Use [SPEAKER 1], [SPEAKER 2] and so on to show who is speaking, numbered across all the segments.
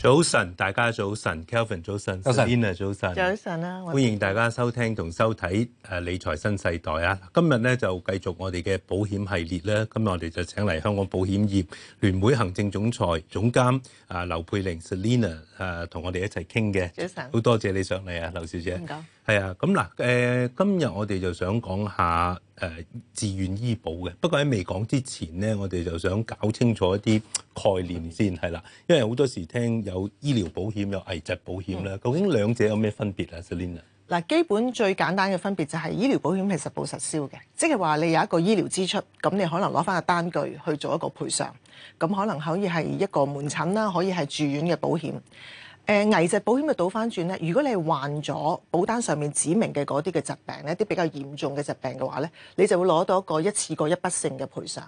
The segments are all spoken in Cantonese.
[SPEAKER 1] 早晨，大家早晨，Kelvin 早晨，Selina 早晨，早
[SPEAKER 2] 晨啦，歡迎大
[SPEAKER 1] 家收聽同收睇誒理財新世代啊！今日咧就繼續我哋嘅保險系列咧，今日我哋就請嚟香港保險業聯會行政總裁總監啊劉佩玲 Selina 誒同我哋一齊傾嘅。早晨，好多謝你上嚟啊，劉小姐。唔該。係啊，咁嗱誒，今日我哋就想講下。誒，自願醫保嘅。不過喺未講之前呢，我哋就想搞清楚一啲概念先係啦，因為好多時聽有醫療保險、有危疾保險咧，究竟兩者有咩分別啊？Selina，
[SPEAKER 2] 嗱，基本最簡單嘅分別就係醫療保險係實報實銷嘅，即係話你有一個醫療支出，咁你可能攞翻個單據去做一個賠償，咁可能可以係一個門診啦，可以係住院嘅保險。誒，危疾保險嘅倒翻轉咧，如果你係患咗保單上面指明嘅嗰啲嘅疾病咧，啲比較嚴重嘅疾病嘅話咧，你就會攞到一個一次過一筆性嘅賠償。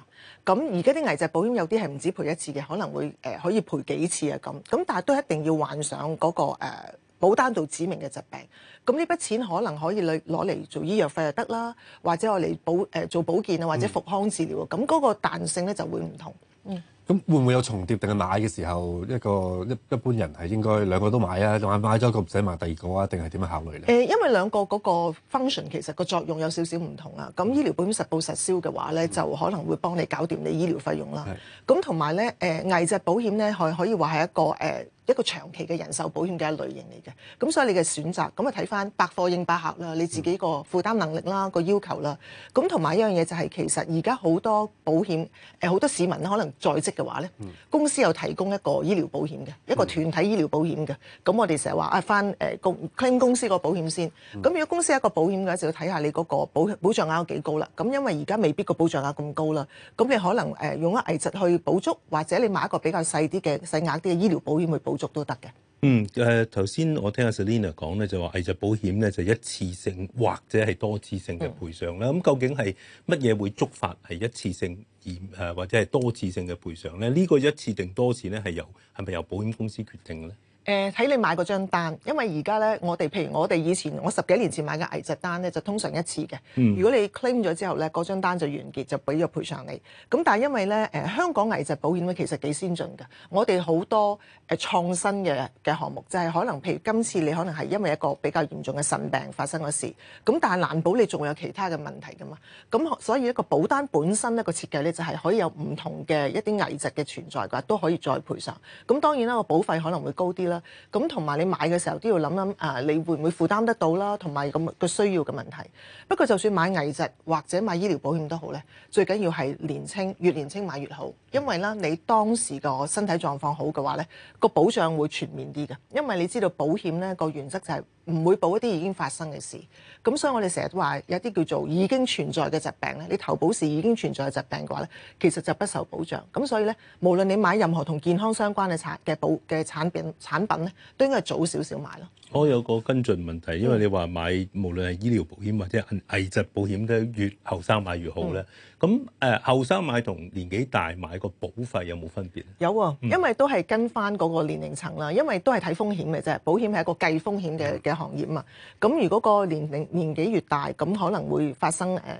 [SPEAKER 2] 咁而家啲危疾保險有啲係唔止賠一次嘅，可能會、呃、可以賠幾次啊咁。咁但係都一定要患上嗰、個、呃、保單度指明嘅疾病。咁呢筆錢可能可以攞嚟做醫藥費就得啦，或者我嚟保、呃、做保健啊，或者復康治療啊。咁嗰個彈性咧就會唔同。嗯。
[SPEAKER 3] 咁會唔會有重疊定係買嘅時候一個一一般人係應該兩個都買啊？定買咗佢唔使買第二個啊？定係點樣考慮咧？
[SPEAKER 2] 誒，因為兩個嗰個 function 其實個作用有少少唔同啦。咁、嗯、醫療保險實報實銷嘅話咧、嗯，就可能會幫你搞掂你醫療費用啦。咁同埋咧，誒，危疾保險咧，係可以話係一個、呃一個長期嘅人壽保險嘅一類型嚟嘅。咁所以你嘅選擇咁啊，睇翻百貨應百客啦，你自己個負擔能力啦，嗯，個要求啦，咁同埋一樣嘢就係、是、其實而家好多保險誒，好多市民可能在職嘅話咧、嗯，公司有提供一個醫療保險嘅一個團體醫療保險嘅，咁、嗯、我哋成日話啊翻誒、呃、Claim 公司個保險先，咁、嗯、如果公司一個保險嘅話就要睇下你嗰個保保障額有幾高啦，咁因為而家未必個保障額咁高啦，咁你可能誒、呃、用咗危疾去補足，或者你買一個比較細啲嘅細額啲嘅醫療保險去補。
[SPEAKER 1] 續都得嘅嗯誒，頭、呃、先我聽阿 Selina 講咧，就話藝術保險咧就是、一次性或者係多次性嘅賠償啦。咁、嗯、究竟係乜嘢會觸發係一次性而誒、呃、或者係多次性嘅賠償咧？呢、這個一次定多次咧係由係咪由保險公司決定咧？
[SPEAKER 2] 誒、呃、睇你買嗰張單，因為而家咧，我哋譬如我哋以前我十幾年前買嘅危疾單咧，就通常一次嘅、嗯。如果你 claim 咗之後咧，嗰張單就完結，就俾咗賠償你。咁但係因為咧、呃，香港危疾保險咧其實幾先進嘅，我哋好多誒創、呃、新嘅嘅項目，就係、是、可能譬如今次你可能係因為一個比較嚴重嘅腎病發生咗事，咁但係難保你仲有其他嘅問題噶嘛。咁所以一個保單本身一、這個設計咧，就係、是、可以有唔同嘅一啲危疾嘅存在嘅都可以再賠償。咁當然啦，個保費可能會高啲啦。咁同埋你買嘅時候都要諗諗，誒，你會唔會負擔得到啦？同埋咁個需要嘅問題。不過就算買危疾或者買醫療保險都好咧，最緊要係年青，越年青買越好，因為咧你當時個身體狀況好嘅話咧，個保障會全面啲嘅。因為你知道保險咧個原則就係，唔會保一啲已經發生嘅事，咁所以我哋成日都話有啲叫做已經存在嘅疾病咧，你投保時已經存在嘅疾病嘅話咧，其實就不受保障。咁所以咧，無論你買任何同健康相關嘅產嘅保嘅產品產品咧，都應該早少少買咯。
[SPEAKER 1] 我有個跟進問題，因為你話買、嗯、無論係醫療保險或者係危疾保險都越後生買越好咧。嗯咁誒後生買同年紀大買個保費有冇分別咧？
[SPEAKER 2] 有喎、啊，因為都係跟翻嗰個年齡層啦，因為都係睇風險嘅啫。保險係一個計風險嘅嘅行業嘛。咁如果個年齡年紀越大，咁可能會發生，呃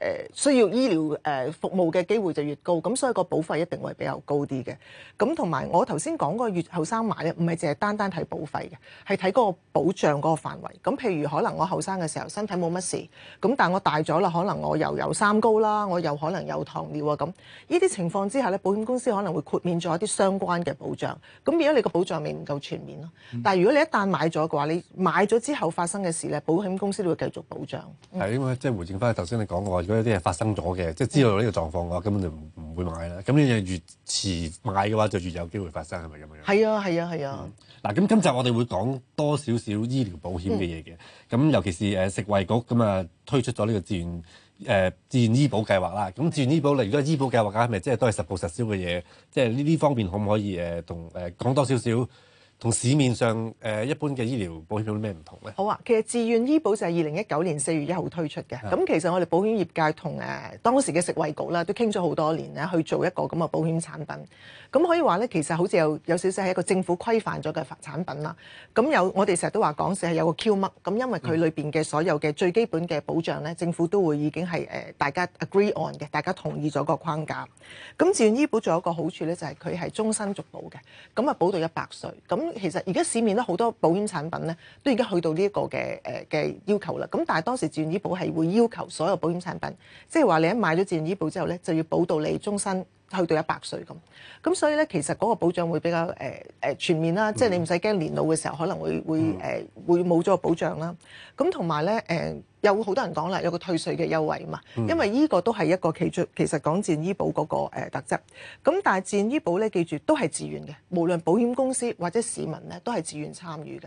[SPEAKER 2] 誒需要醫療誒服務嘅機會就越高，咁所以個保費一定會比較高啲嘅。咁同埋我頭先講過越後生買咧，唔係淨係單單睇保費嘅，係睇嗰個保障嗰個範圍。咁譬如可能我後生嘅時候身體冇乜事，咁但係我大咗啦，可能我又有三高啦，我又可能有糖尿啊咁。呢啲情況之下咧，保險公司可能會豁免咗一啲相關嘅保障。咁如果你個保障未唔夠全面咯、嗯，但係如果你一旦買咗嘅話，你買咗之後發生嘅事咧，保險公司都會繼續保障。
[SPEAKER 3] 係、嗯、因為即係回應翻頭先你講有啲嘢發生咗嘅，即係知道呢個狀況嘅話，根本就唔唔會買啦。咁你越遲買嘅話，就越有機會發生，係咪
[SPEAKER 2] 咁樣？係啊，係啊，係啊。
[SPEAKER 3] 嗱、嗯，咁今集我哋會講多少少醫療保險嘅嘢嘅。咁、嗯、尤其是誒食惠局咁啊、嗯、推出咗呢個自願誒、呃、自願醫保計劃啦。咁自願醫保，你如果醫保計劃咁，咪即係都係實報實銷嘅嘢。即係呢啲方面可唔可以誒同誒講多，多少少？同市面上誒一般嘅醫療保險品有咩唔同咧？好啊，其實自
[SPEAKER 2] 願醫保就係二零一九年四月一號推出嘅。咁其實我哋保險業界同誒、啊、當時嘅食衛局咧都傾咗好多年咧，去做一個咁嘅保險產品。咁可以話咧，其實好似有，有少少係一個政府規範咗嘅產品啦。咁有我哋成日都話講，成係有個 Q 嘜咁，因為佢裏邊嘅所有嘅最基本嘅保障咧、嗯，政府都會已經係誒大家 agree on 嘅，大家同意咗個框架。咁自願醫保仲有一個好處咧，就係佢係終身續保嘅，咁啊保到一百歲咁。其實而家市面咧好多保險產品咧，都已經去到呢一個嘅誒嘅要求啦。咁但係當時自願醫保係會要求所有保險產品，即係話你一買咗自願醫保之後咧，就要保到你終身。去到一百歲咁，咁所以咧，其實嗰個保障會比較、呃、全面啦，嗯、即係你唔使驚年老嘅時候可能會會誒冇咗個保障啦。咁同埋咧誒，有好多人講啦，有個退稅嘅優惠啊嘛、嗯，因為呢個都係一個其中其實講自願醫保嗰、那個、呃、特質。咁但係自願醫保咧，記住都係自願嘅，無論保險公司或者市民咧都係自願參與嘅。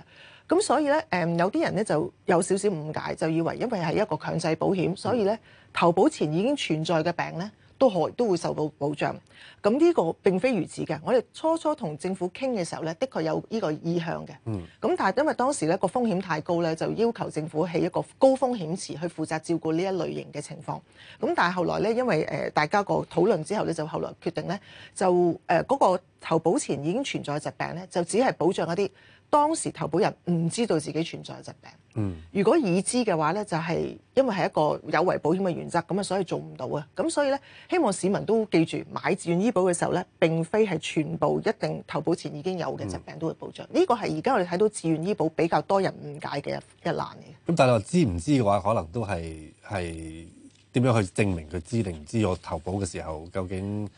[SPEAKER 2] 咁所以咧、呃、有啲人咧就有少少誤解，就以為因為係一個強制保險，所以咧投保前已經存在嘅病咧。都可都會受到保障，咁呢個並非如此嘅。我哋初初同政府傾嘅時候呢，的確有呢個意向嘅。咁、嗯、但係因為當時呢個風險太高呢，就要求政府喺一個高風險池去負責照顧呢一類型嘅情況。咁但係後來呢，因為誒大家個討論之後呢，就後來決定呢，就誒嗰個投保前已經存在疾病呢，就只係保障一啲，當時投保人唔知道自己存在疾病。嗯，如果已知嘅話呢，就係、是、因為係一個有違保險嘅原則，咁啊所以做唔到啊。咁所以呢，希望市民都記住買自願醫保嘅時候呢，並非係全部一定投保前已經有嘅疾病都會保障。呢、嗯，這個係而家我哋睇到自願醫保比較多人誤解嘅一難嘅。
[SPEAKER 3] 咁但係我知唔知嘅話，可能都係係點樣去證明佢知定唔知？知我投保嘅時候究竟？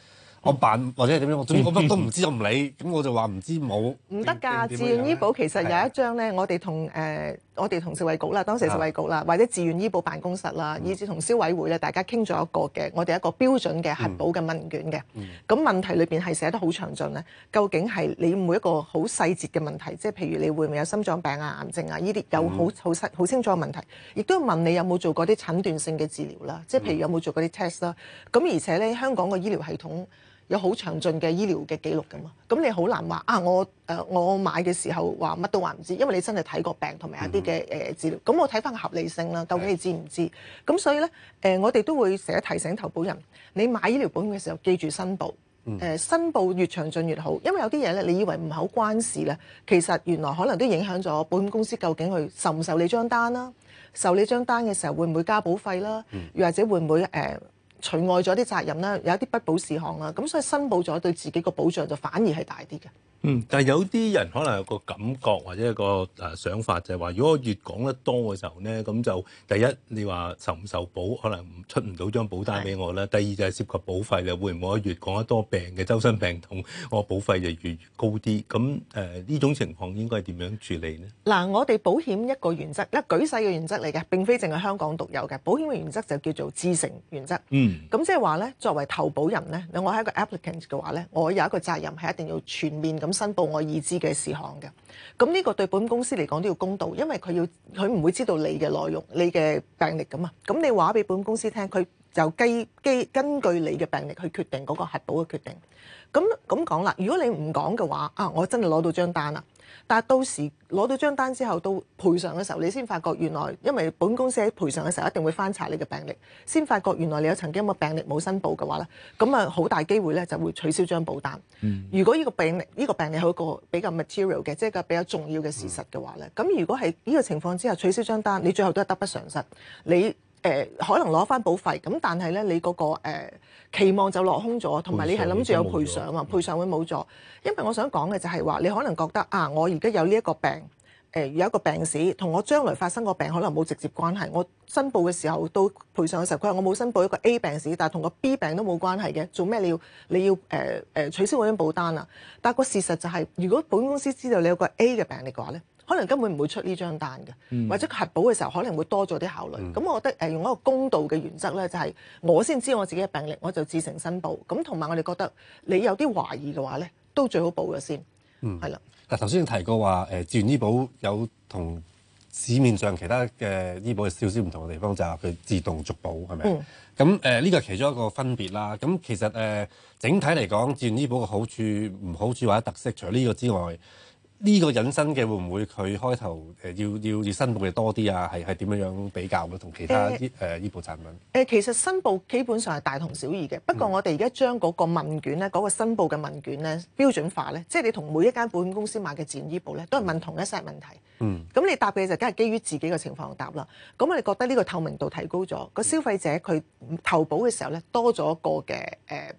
[SPEAKER 3] 我辦或者點樣、嗯，我都都唔知我唔理，咁我就話唔知冇。
[SPEAKER 2] 唔得㗎，自願醫保其實有一張咧，我哋同誒我哋同食衞局啦，當時食衞局啦，或者自願醫保辦公室啦，以至同消委會咧，大家傾咗一個嘅，我哋一個標準嘅核保嘅問卷嘅。咁、嗯、問題裏邊係寫得好詳盡咧，究竟係你每一個好細節嘅問題，即係譬如你會唔會有心臟病啊、癌症啊呢啲有好好細好清楚嘅問題，亦都問你有冇做過啲診斷性嘅治療啦，即係譬如有冇做過啲 test 啦。咁、嗯、而且咧，香港個醫療系統有好詳盡嘅醫療嘅記錄㗎嘛？咁你好難話啊！我誒、呃、我買嘅時候話乜都話唔知，因為你真係睇過病同埋一啲嘅誒治療。咁、mm -hmm. 呃、我睇翻個合理性啦，究竟你知唔知道？咁、mm -hmm. 所以咧誒、呃，我哋都會成日提醒投保人，你買醫療保險嘅時候記住申報，誒、呃、申報越詳盡越好，因為有啲嘢咧，你以為唔係好關事咧，其實原來可能都影響咗保險公司究竟佢受唔受你張單啦、啊，受你張單嘅時候會唔會加保費啦、啊，又、mm -hmm. 或者會唔會誒？呃除外咗啲責任啦，有一啲不保事項啦，咁所以申報咗對自己個保障就反而係大啲嘅。
[SPEAKER 1] 嗯，但係有啲人可能有個感覺或者一個誒想法，就係話如果我越講得多嘅時候咧，咁就第一你話受唔受保可能出唔到張保單俾我啦。第二就係涉及保費啦，會唔會我越講得多病嘅周身病痛，我保費就越越高啲？咁誒呢種情況應該係點樣處理咧？
[SPEAKER 2] 嗱，我哋保險一個原則，一舉世嘅原則嚟嘅，並非淨係香港獨有嘅。保險嘅原則就叫做至誠原則。嗯。咁即係話咧，作為投保人咧，我係一個 applicant 嘅話咧，我有一個責任係一定要全面咁。申報我已知嘅事項嘅，咁呢個對本公司嚟講都要公道，因為佢要佢唔會知道你嘅內容、你嘅病歷噶嘛，咁你話俾本公司聽，佢就基基根據你嘅病歷去決定嗰個核保嘅決定。咁咁講啦，如果你唔講嘅話，啊，我真係攞到張單啦，但係到時攞到張單之後，到賠償嘅時候，你先發覺原來因為本公司喺賠償嘅時候一定會翻查你嘅病歷，先發覺原來你有曾經個病歷冇申報嘅話咧，咁啊好大機會咧就會取消張保單。嗯、如果呢個病歷呢、呢個病歷係一個比較 material 嘅，即、就、係、是、個比較重要嘅事實嘅話咧，咁、嗯、如果係呢個情況之下取消張單，你最後都係得不償失，你。誒、呃、可能攞翻保費，咁但係咧，你嗰、那個、呃、期望就落空咗，同埋你係諗住有賠償啊，賠償會冇咗。因為我想講嘅就係話，你可能覺得啊，我而家有呢一個病，誒、呃、有一個病史，同我將來發生個病可能冇直接關係。我申報嘅時候都賠償嘅時候，佢話我冇申報一個 A 病史，但係同個 B 病都冇關係嘅，做咩你要你要、呃呃、取消我張保單啊？但個事實就係、是，如果保險公司知道你有個 A 嘅病歷嘅話咧，可能根本唔會出呢張單嘅、嗯，或者核保嘅時候可能會多咗啲考慮。咁、嗯、我覺得誒、呃、用一個公道嘅原則咧，就係、是、我先知我自己嘅病歷，我就自行申報。咁同埋我哋覺得你有啲懷疑嘅話咧，都最好報咗先。
[SPEAKER 3] 係、嗯、啦。嗱頭先你提過話誒，自、呃、願醫保有同市面上其他嘅醫保有少少唔同嘅地方，就係佢自動續保係咪？咁誒呢個係其中一個分別啦。咁其實誒、呃、整體嚟講，自願醫保嘅好處、唔好處或者特色，除咗呢個之外。呢個引申嘅，會唔會佢開頭誒要要要申報嘅多啲啊？係係點樣樣比較嘅同其他啲誒醫保產品？
[SPEAKER 2] 誒其實申報基本上係大同小異嘅，不過我哋而家將嗰個問卷咧，嗰個申報嘅問卷咧標準化咧，即係你同每一間保險公司買嘅自願醫保咧，都係問同一 set 問題。
[SPEAKER 4] 嗯。
[SPEAKER 2] 咁你答嘅就梗係基於自己嘅情況答啦。咁我哋覺得呢個透明度提高咗，個消費者佢投保嘅時候咧多咗一個嘅誒，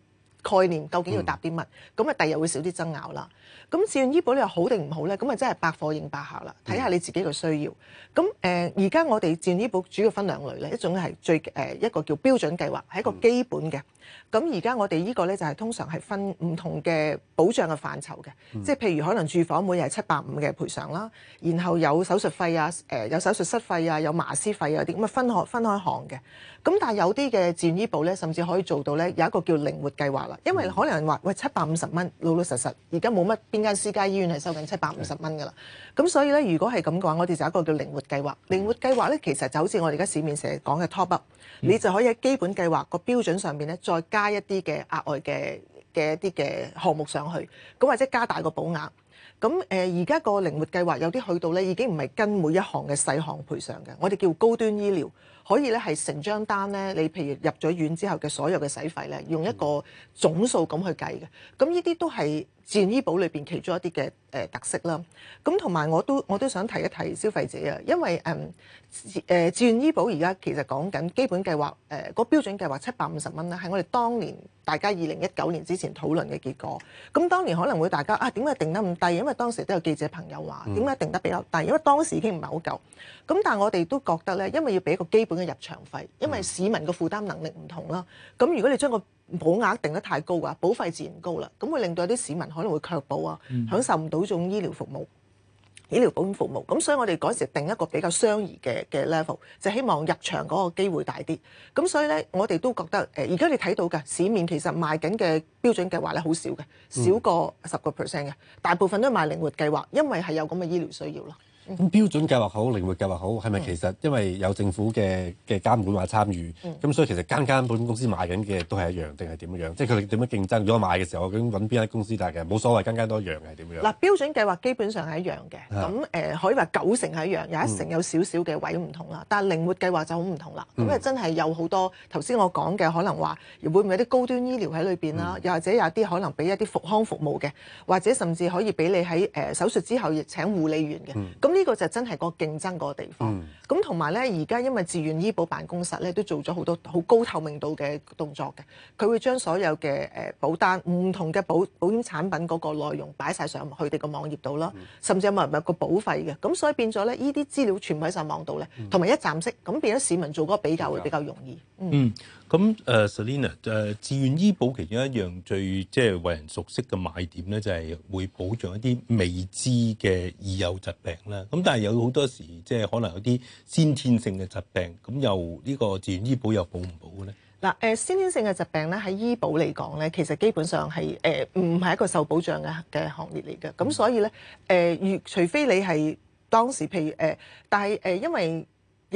[SPEAKER 2] 概念究竟要答啲乜，咁啊第日會少啲爭拗啦。咁自願醫保又好定唔好咧，咁啊真係百貨應百客啦，睇下你自己嘅需要。咁誒而家我哋自願醫保主要分兩類咧，一種係最誒、呃、一個叫標準計劃，係一個基本嘅。嗯咁而家我哋呢個呢，就係、是、通常係分唔同嘅保障嘅範疇嘅，即、嗯、係譬如可能住房每日係七百五嘅賠償啦，然後有手術費啊，有手術室費啊，有麻師費啊啲咁啊分開分開行嘅。咁但係有啲嘅自願醫保呢，甚至可以做到呢，有一個叫靈活計劃啦，因為可能話喂七百五十蚊老老實實，而家冇乜邊間私家醫院係收緊七百五十蚊㗎啦。咁所以呢，如果係咁嘅話，我哋就有一個叫靈活計劃、嗯。靈活計劃呢，其實就好似我哋而家市面成日講嘅 top up，你就可以喺基本計劃個標準上面呢，再再加一啲嘅額外嘅嘅一啲嘅項目上去，咁或者加大個保額。咁誒，而家個靈活計劃有啲去到咧，已經唔係跟每一項嘅細項賠償嘅，我哋叫高端醫療。可以咧係成張單咧，你譬如入咗院之後嘅所有嘅使費咧，用一個總數咁去計嘅。咁呢啲都係自願醫保裏面其中一啲嘅特色啦。咁同埋我都我都想提一提消費者啊，因為誒誒自願醫保而家其實講緊基本計劃誒嗰、呃那個、標準計劃七百五十蚊咧，係我哋當年大家二零一九年之前討論嘅結果。咁當年可能會大家啊點解定得咁低？因為當時都有記者朋友話點解定得比較低？因為當時已經唔係好夠。咁但我哋都覺得咧，因為要俾一個基本嘅入場費，因為市民嘅負擔能力唔同啦。咁、嗯、如果你將個保額定得太高嘅話，保費自然高啦。咁會令到有啲市民可能會卻保啊、嗯，享受唔到種醫療服務、醫療保險服務。咁所以我哋嗰時定一個比較相宜嘅嘅 level，就希望入場嗰個機會大啲。咁所以咧，我哋都覺得誒，而、呃、家你睇到嘅市面其實賣緊嘅標準計劃咧，好少嘅、嗯，少過十個 percent 嘅。大部分都係賣靈活計劃，因為係有咁嘅醫療需要咯。
[SPEAKER 3] 咁、嗯、標準計劃好，靈活計劃好，係咪其實因為有政府嘅嘅監管或參與，咁、嗯、所以其實間間本公司賣緊嘅都係一樣定係點樣？嗯、即係佢哋點樣競爭？如果買嘅時候，我揾邊間公司買嘅，冇所謂間間都一樣嘅係點樣？嗱，
[SPEAKER 2] 標準計劃基本上係一樣嘅，咁誒、啊呃、可以話九成係一樣，有一成有少少嘅位唔同啦。但係靈活計劃就好唔同啦，咁、嗯、係真係有好多頭先我講嘅，可能話會唔會有啲高端醫療喺裏邊啦？又、嗯、或者有啲可能俾一啲復康服務嘅，或者甚至可以俾你喺誒、呃、手術之後亦請護理員嘅，咁、嗯。呢、這個就是真係個競爭個地方，咁同埋呢，而家因為自願醫保辦公室呢都做咗好多好高透明度嘅動作嘅，佢會將所有嘅誒保單、唔同嘅保保險產品嗰個內容擺晒上佢哋個網頁度啦，甚至有冇人埋個保費嘅，咁所以變咗呢，呢啲資料全部喺晒網度呢，同、嗯、埋一站式，咁變咗市民做嗰個比較會比較容
[SPEAKER 1] 易。嗯。嗯咁誒，Selina 誒，自願醫保其中一樣最即係為人熟悉嘅賣點咧，就係會保障一啲未知嘅已有疾病啦。咁但係有好多時即係可能有啲先天性嘅疾病，咁又呢個自願醫保又保唔保嘅咧？
[SPEAKER 2] 嗱誒，先天性嘅疾病咧喺醫保嚟講咧，其實基本上係誒唔係一個受保障嘅嘅行業嚟嘅。咁所以咧誒，如除非你係當時譬如誒，但係誒因為。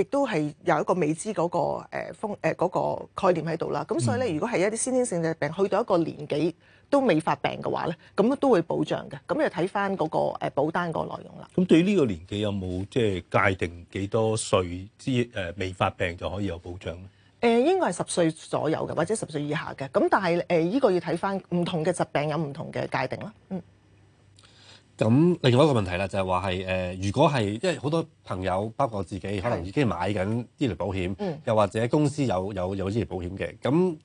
[SPEAKER 2] 亦都係有一個未知嗰、那個誒、呃、風誒、呃那個、概念喺度啦，咁所以咧，如果係一啲先天性嘅病，去到一個年紀都未發病嘅話咧，咁都會保障嘅，咁就睇翻嗰個、呃、保單嗰個內容啦。
[SPEAKER 1] 咁對呢個年紀有冇即係界定幾多歲之誒、呃、未發病就可以有保障咧？
[SPEAKER 2] 誒、呃、應該係十歲左右嘅，或者十歲以下嘅。咁但係誒呢個要睇翻唔同嘅疾病有唔同嘅界定啦。嗯。
[SPEAKER 3] 咁另外一個問題啦，就係話係誒，如果係因為好多朋友包括自己可能已經買緊醫療保險，又或者公司有有有醫療保險嘅，咁。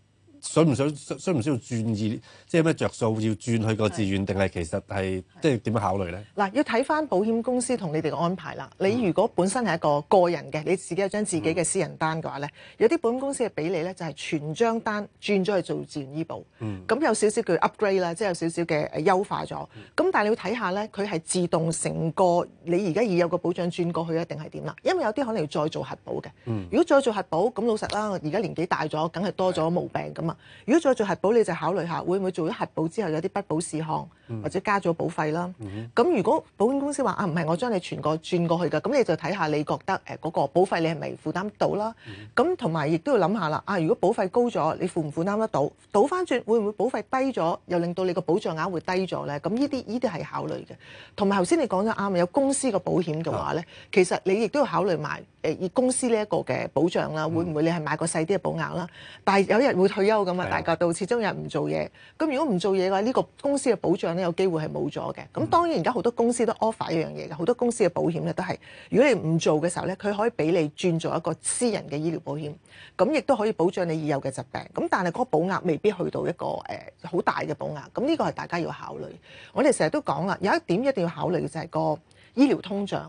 [SPEAKER 3] 想唔想需唔需要轉意，即係咩着數要轉去個自願，定係其實係即係點樣考慮咧？
[SPEAKER 2] 嗱，要睇翻保險公司同你哋嘅安排啦。你如果本身係一個個人嘅，你自己有張自己嘅私人單嘅話咧，有啲保險公司係俾你咧，就係、是、全張單轉咗去做自願醫保。咁、嗯、有少少嘅 upgrade 啦，即係有少少嘅誒優化咗。咁但係你要睇下咧，佢係自動成個你而家已有個保障轉過去一定係點啦？因為有啲可能要再做核保嘅。如果再做核保，咁老實啦，而家年紀大咗，梗係多咗毛病噶嘛。如果再做核保，你就考慮下會唔會做咗核保之後有啲不保事項、嗯，或者加咗保費啦。咁、嗯、如果保險公司話啊，唔係我將你全個轉過去㗎，咁你就睇下你覺得誒嗰、呃嗰個保費你係咪負擔到啦？咁同埋亦都要諗下啦。啊，如果保費高咗，你負唔負擔得到？倒翻轉會唔會保費低咗，又令到你個保障額會低咗咧？咁呢啲呢啲係考慮嘅。同埋頭先你講得啱啊，有公司嘅保險嘅話咧、嗯，其實你亦都要考慮埋誒以公司呢一個嘅保障啦，會唔會你係買個細啲嘅保額啦？但係有一日會退休。咁啊，大家到始終有唔做嘢。咁如果唔做嘢嘅話，呢個公司嘅保障咧有機會係冇咗嘅。咁當然而家好多公司都 offer 一樣嘢嘅，好多公司嘅保險咧都係，如果你唔做嘅時候咧，佢可以俾你轉做一個私人嘅醫療保險，咁亦都可以保障你已有嘅疾病。咁但係嗰保額未必去到一個誒好大嘅保額。咁呢個係大家要考慮。我哋成日都講啦，有一點一定要考慮嘅就係個醫療通脹。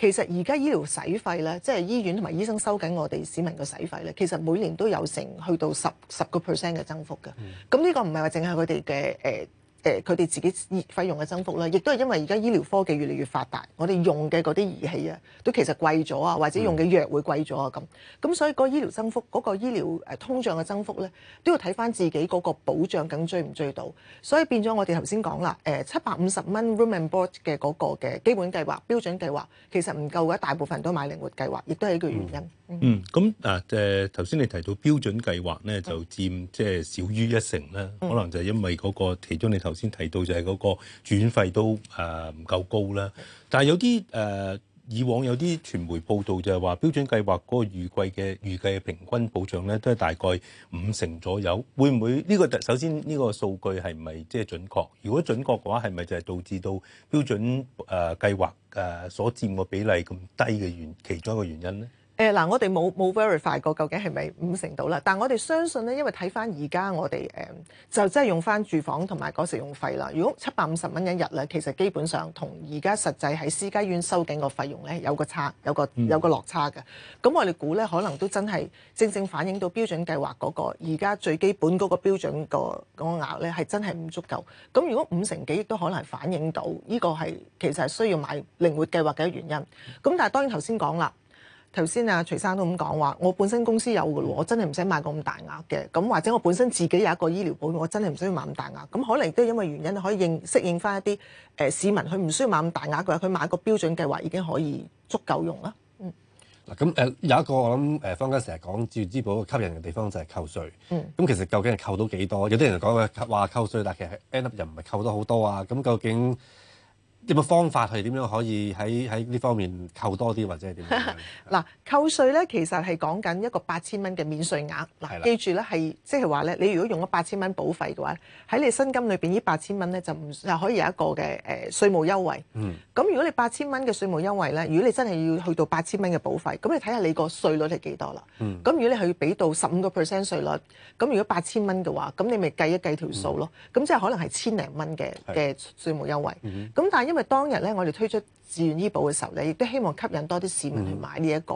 [SPEAKER 2] 其實而家醫療使費咧，即係醫院同埋醫生收緊我哋市民嘅使費咧，其實每年都有成去到十十個 percent 嘅增幅嘅。咁、嗯、呢、呢個唔係話淨係佢哋嘅誒。呃誒佢哋自己費用嘅增幅咧，亦都係因為而家醫療科技越嚟越發達，我哋用嘅嗰啲儀器啊，都其實貴咗啊，或者用嘅藥會貴咗啊，咁咁所以個醫療增幅，嗰個醫療誒通脹嘅增幅咧，都要睇翻自己嗰個保障緊追唔追到，所以變咗我哋頭先講啦，誒七百五十蚊 room and board 嘅嗰個嘅基本計劃、標準計劃，其實唔夠嘅，大部分人都買靈活計劃，亦都係一個原因。嗯，
[SPEAKER 1] 咁啊誒頭先你提到標準計劃咧，就佔即係、即係、少於一成啦、嗯，可能就係因為嗰、嗰個其中你頭先提到就係嗰個住院費都誒唔夠高啦，但係有啲、呃、以往有啲傳媒報道就係話標準計劃嗰個預計嘅預計嘅平均保障咧都係大概五成左右，會唔會呢個，首先呢個數據係咪即係準確？如果準確嘅話，係咪就係導致到標準誒計劃所佔嘅比例咁低嘅原其中一個原因咧？
[SPEAKER 2] 誒嗱，我哋冇冇 verify 過究竟係咪五成到啦？但係我哋相信咧，因為睇翻而家我哋誒、嗯、就真係用翻住房同埋嗰使用費啦。如果七百五十蚊一日咧，其實基本上同而家實際喺私家院收緊個費用咧，有個差，有個有個落差嘅。咁、嗯、我哋估咧，可能都真係正正反映到標準計劃嗰、嗰個而家最基本嗰個標準個嗰額咧，係真係唔足夠。咁如果五成幾都可能反映到，呢、呢個係其實係需要買靈活計劃嘅一原因。咁但係當然頭先講啦。頭先啊，徐生都咁講話，我本身公司有嘅咯，我真係唔使買咁大額嘅。咁或者我本身自己有一個醫療保險，我真係唔需要買咁大額。咁可能都係因為原因，可以應適應翻一啲誒、呃、市民，佢唔需要買咁大額嘅，佢買個標準計劃已經可以足夠用啦。嗯。
[SPEAKER 3] 嗱咁誒有一個我諗誒、呃、方家成日講自願醫保吸引嘅地方就係扣稅。嗯。咁其實究竟係扣到幾多？有啲人講話扣稅，但其實 end up 又唔係扣到好多啊。咁究竟？有冇方法係點樣可以喺喺呢方面扣多啲或者係
[SPEAKER 2] 點樣？嗱， 扣稅咧其實係講緊一個八千蚊嘅免稅額。嗱，記住咧係即係話咧，你如果用咗八千蚊保費嘅話，喺你薪金裏邊呢，八千蚊咧就唔可以有一個嘅誒稅務優惠。咁、嗯、如果你八千蚊嘅稅務優惠咧，如果你真係要去到八千蚊嘅保費，咁你睇下你個稅率係幾多啦？咁、嗯、如果你係要俾到十五個 percent 稅率，咁如果八千蚊嘅話，咁你咪計一計條數咯。咁、嗯、即係可能係千零蚊嘅嘅稅務優惠。咁、嗯、但因為當日咧，我哋推出，自願醫保嘅時候咧，亦都希望吸引多啲市民去買呢一個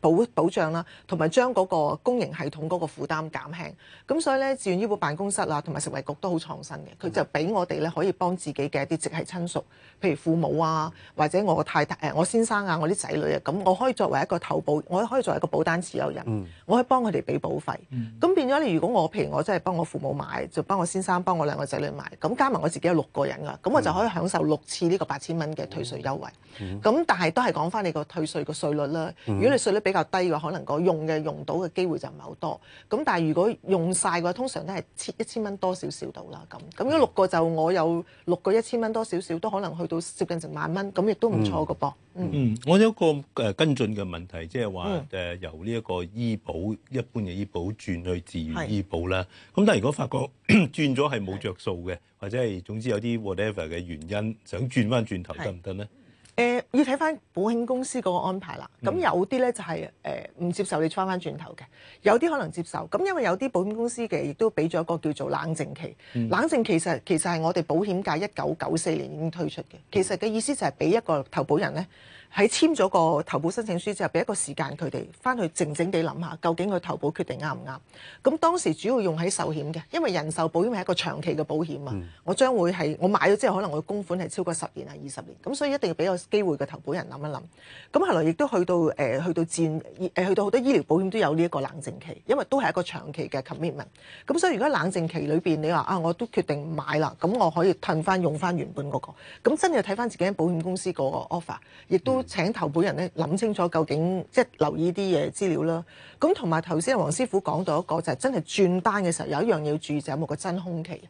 [SPEAKER 2] 保、嗯、保，保障啦，同埋將嗰個公營系統嗰個負擔減輕。咁所以咧，自願醫保辦公室啊，同埋食衞局都好創新嘅，佢就俾我哋咧可以幫自己嘅一啲直系親屬，譬如父母啊，或者我個太太誒我先生啊，我啲仔女啊，咁我可以作為一個投保，我可以作為一個保單持有人，嗯、我可以幫佢哋俾保費。咁、嗯、變咗你，如果我譬如我真係幫我父母買，就幫我先生、幫我兩個仔女買，咁加埋我自己有六個人啊，咁我就可以享受六次呢個八千蚊嘅退稅。嗯惠、嗯，咁但係都係講翻你個退稅個稅率啦。如果你稅率比較低嘅話，可能個用嘅用到嘅機會就唔係好多。咁但係如果用晒嘅話，通常都係千一千蚊多少少到啦。咁咁如果六個就我有六個 1, 一千蚊多少少都可能去到接近成萬蚊，咁亦都唔錯嘅
[SPEAKER 1] 噃。嗯嗯，我有一個、呃、跟進嘅問題，即係話由呢一個醫保一般嘅醫保轉去自願醫保啦。咁但係如果發覺 轉咗係冇着數嘅，或者係總之有啲 whatever 嘅原因，想轉翻轉頭得唔得咧？
[SPEAKER 2] 誒、呃、要睇翻保險公司嗰個安排啦，咁有啲咧就係誒唔接受你翻翻轉頭嘅，有啲可能接受。咁因為有啲保險公司嘅亦都俾咗一個叫做冷靜期，嗯、冷靜期其實其實係我哋保險界一九九四年已經推出嘅，其實嘅意思就係俾一個投保人咧。喺簽咗個投保申請書之後，俾一個時間佢哋翻去靜靜地諗下，究竟佢投保決定啱唔啱？咁當時主要用喺壽險嘅，因為人壽保險係一個長期嘅保險啊、嗯。我將會係我買咗之後，可能我嘅供款係超過十年啊、二十年，咁所以一定要俾個機會個投保人諗一諗。咁後來亦都去到誒、呃，去到戰誒、呃，去到好多醫療保險都有呢一個冷靜期，因為都係一個長期嘅 commitment。咁所以如果冷靜期裏邊你話啊，我都決定唔買啦，咁我可以褪翻用翻原本嗰、那個。咁真係睇翻自己喺保險公司嗰個 offer，亦都、嗯。請投保人咧諗清楚究竟，即係、就是、留意啲嘢資料啦。咁同埋頭先黃師傅講到一個就係、是、真係轉單嘅時候有一樣要注意，就係、是、有冇個真空期，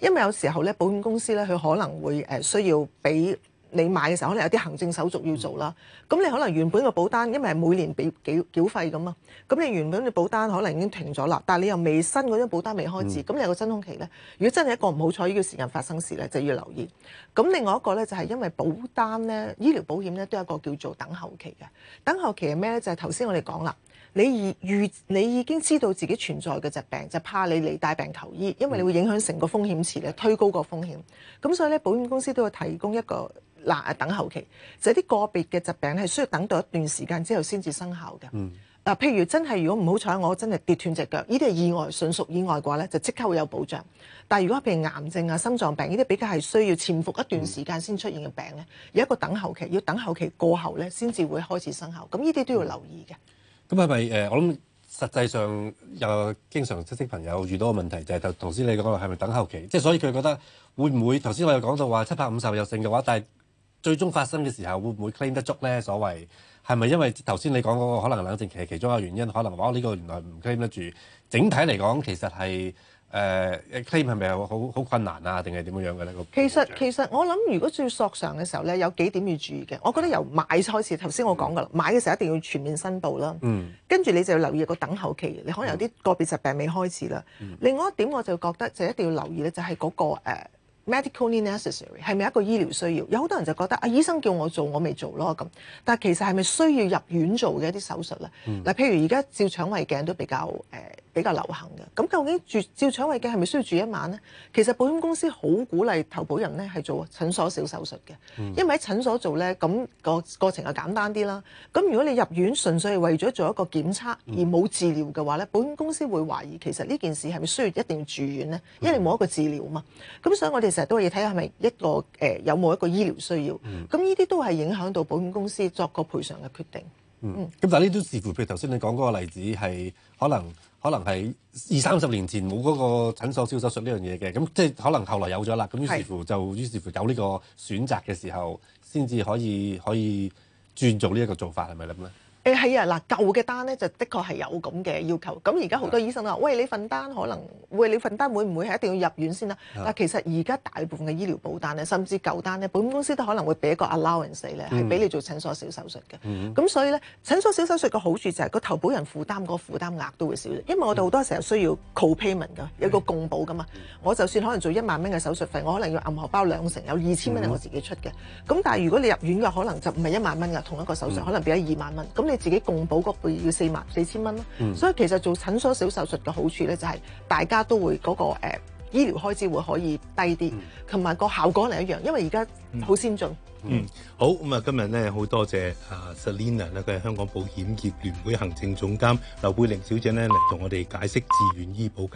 [SPEAKER 2] 因為有時候咧保險公司咧佢可能會誒需要俾。你買嘅時候可能有啲行政手續要做啦，咁你可能原本個保單，因為係每年繳繳繳費咁啊，咁你原本嘅保單可能已經停咗啦，但係你又未新嗰張保單未開始，咁、嗯、你有個真空期咧。如果真係一個唔好彩呢個時間發生事咧，就要留意。咁另外一個咧就係、是、因為保單咧，醫療保險咧都有一個叫做等候期嘅，等候期係咩咧？就係頭先我哋講啦，你已你已經知道自己存在嘅疾病，就怕你嚟帶病求醫，因為你會影響成個風險池呢，推高個風險。咁所以咧，保險公司都會提供一個。嗱，等候期，就係、是、啲個別嘅疾病係需要等到一段時間之後先至生效
[SPEAKER 4] 嘅。
[SPEAKER 2] 嗱、嗯，譬如真係如果唔好彩，我真係跌斷隻腳，呢啲係意外，純屬意外嘅話咧，就即刻會有保障。但係如果譬如癌症啊、心臟病呢啲比較係需要潛伏一段時間先出現嘅病咧，有、嗯、一個等候期，要等候期過後咧先至會開始生效。咁呢啲都要留意嘅。
[SPEAKER 3] 咁係咪誒？我諗實際上又經常識識朋友遇到個問題，就係頭頭先你講話係咪等候期，即、就、係、是、所以佢覺得會唔會頭先我又講到話七百五十入性嘅話，但係最終發生嘅時候會唔會 claim 得足呢？所謂係咪因為頭先你講嗰個可能冷靜期其中一個原因？可能話呢、這個原來唔 claim 得住。整體嚟講，其實係誒、呃、claim 係咪好好困難啊？定係點樣嘅呢？
[SPEAKER 2] 其實其實我諗，如果要索償嘅時候呢，有幾點要注意嘅。我覺得由買開始，頭先我講噶啦，買嘅時候一定要全面申報啦。嗯。跟住你就要留意個等候期，你可能有啲個別疾病未開始啦、嗯。另外一點我就覺得就一定要留意呢、那個，就係嗰個 Medically necessary 係咪一個醫療需要？有好多人就覺得啊，醫生叫我做，我未做咯咁。但係其實係咪需要入院做嘅一啲手術咧？嗱、嗯，譬如而家照腸胃鏡都比較誒。呃比較流行嘅咁，究竟住照腸胃鏡係咪需要住一晚呢？其實保險公司好鼓勵投保人呢係做診所小手術嘅、嗯，因為喺診所做呢，咁、個過程又簡單啲啦。咁如果你入院純粹係為咗做一個檢測而冇治療嘅話呢、嗯，保險公司會懷疑其實呢件事係咪需要一定要住院呢？嗯、因為冇一個治療啊嘛。咁所以，我哋成日都要睇下係咪一個誒、呃、有冇一個醫療需要。咁呢啲都係影響到保險公司作個賠償嘅決定。
[SPEAKER 3] 嗯，咁、嗯、但係呢都似乎譬如頭先你講嗰個例子係可能。可能係二三十年前冇嗰個診所小手術呢樣嘢嘅，咁即係可能後來有咗啦，咁於是乎就是於是乎有呢個選擇嘅時候，先至可以可以轉做呢一個做法係咪咁咧？是
[SPEAKER 2] 誒係啊，嗱舊嘅單咧就的確係有咁嘅要求。咁而家好多醫生話，喂，你份單可能喂，你份單會唔會係一定要入院先啦、啊？但其實而家大部分嘅醫療保單咧，甚至舊單咧，保險公司都可能會俾一個 allowance 咧、嗯，係俾你做診所小手術嘅。咁、嗯、所以咧，診所小手術嘅好處就係個投保人負擔嗰個負擔額都會少，因為我哋好多時候需要 copayment 㗎，有個共保㗎嘛、嗯。我就算可能做一萬蚊嘅手術費，我可能要暗荷包兩成，有二千蚊係我自己出嘅。咁、嗯、但係如果你入院嘅可能就唔係一萬蚊㗎，同一個手術、嗯、可能畀咗二萬蚊。咁你。自己共保嗰倍要四萬四千蚊咯、嗯，所以其實做診所小手術嘅好處咧，就係大家都會嗰、嗰個誒醫療開支會可以低啲，同埋個效果嚟一樣，因為而家好先進。嗯，嗯
[SPEAKER 1] 好咁啊，今日咧好多謝啊 Selena 咧，佢係香港保險業聯會行政總監劉佩玲小姐咧嚟同我哋解釋自願醫保。